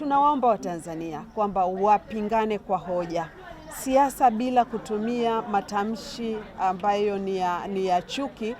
Tunawaomba Watanzania kwamba wapingane kwa hoja siasa bila kutumia matamshi ambayo ni ya, ni ya chuki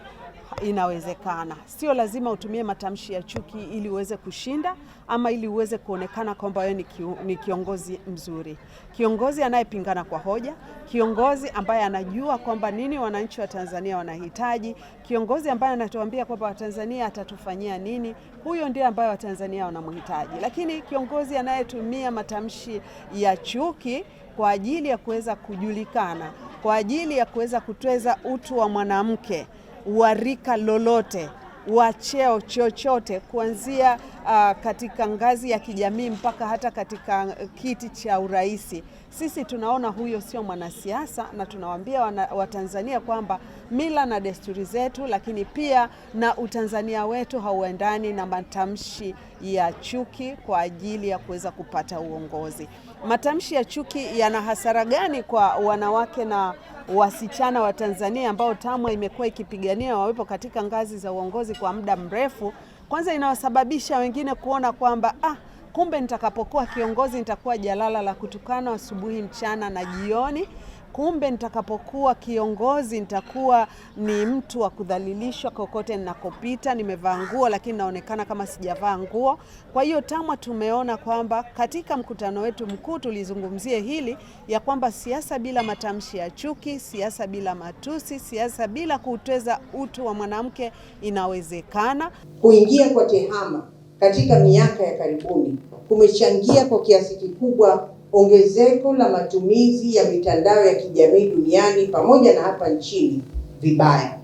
inawezekana. Sio lazima utumie matamshi ya chuki ili uweze kushinda ama ili uweze kuonekana kwamba wewe ni kiongozi mzuri. Kiongozi anayepingana kwa hoja, kiongozi ambaye anajua kwamba nini wananchi wa Tanzania wanahitaji, kiongozi ambaye anatuambia kwamba Watanzania atatufanyia nini, huyo ndiye ambaye Watanzania wanamhitaji. Lakini kiongozi anayetumia matamshi ya chuki kwa ajili ya kuweza kujulikana, kwa ajili ya kuweza kutweza utu wa mwanamke wa rika lolote wa cheo chochote kuanzia uh, katika ngazi ya kijamii mpaka hata katika kiti cha urais. Sisi tunaona huyo sio mwanasiasa, na tunawaambia Watanzania kwamba mila na desturi zetu, lakini pia na Utanzania wetu hauendani na matamshi ya chuki kwa ajili ya kuweza kupata uongozi. Matamshi ya chuki yana hasara gani kwa wanawake na wasichana wa Tanzania ambao TAMWA imekuwa ikipigania wawepo katika ngazi za uongozi kwa muda mrefu. Kwanza inawasababisha wengine kuona kwamba ah, kumbe nitakapokuwa kiongozi nitakuwa jalala la kutukana asubuhi, mchana na jioni kumbe nitakapokuwa kiongozi nitakuwa ni mtu wa kudhalilishwa kokote ninakopita. Nimevaa nguo lakini naonekana kama sijavaa nguo. Kwa hiyo TAMWA tumeona kwamba katika mkutano wetu mkuu tulizungumzie hili ya kwamba siasa bila matamshi ya chuki, siasa bila matusi, siasa bila kuutweza utu wa mwanamke inawezekana. Kuingia kwa TEHAMA katika miaka ya karibuni kumechangia kwa kiasi kikubwa ongezeko la matumizi ya mitandao ya kijamii duniani pamoja na hapa nchini vibaya.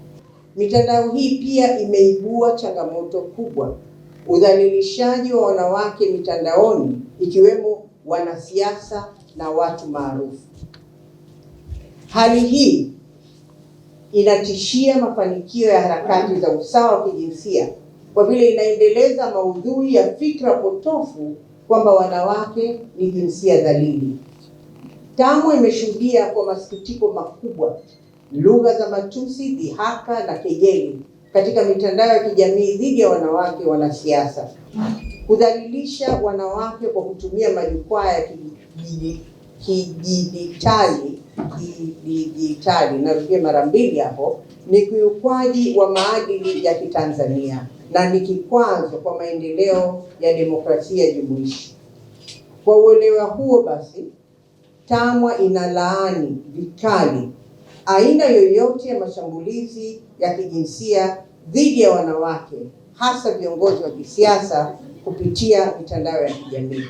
Mitandao hii pia imeibua changamoto kubwa: udhalilishaji wa wanawake mitandaoni, ikiwemo wanasiasa na watu maarufu. Hali hii inatishia mafanikio ya harakati za usawa wa kijinsia kwa vile inaendeleza maudhui ya fikra potofu kwamba wanawake ni jinsia dhalili. TAMWA imeshuhudia kwa masikitiko makubwa lugha za matusi, dhihaka na kejeli katika mitandao ya kijamii dhidi ya wanawake wanasiasa, kudhalilisha wanawake kwa kutumia majukwaa ya kidijitali kidijitali, narudia mara mbili hapo, ni kiukwaji wa maadili ya Kitanzania na ni kikwazo kwa maendeleo ya demokrasia jumuishi. Kwa uelewa huo basi, TAMWA inalaani vikali aina yoyote ya mashambulizi ya kijinsia dhidi ya wanawake hasa viongozi wa kisiasa kupitia mitandao ya kijamii.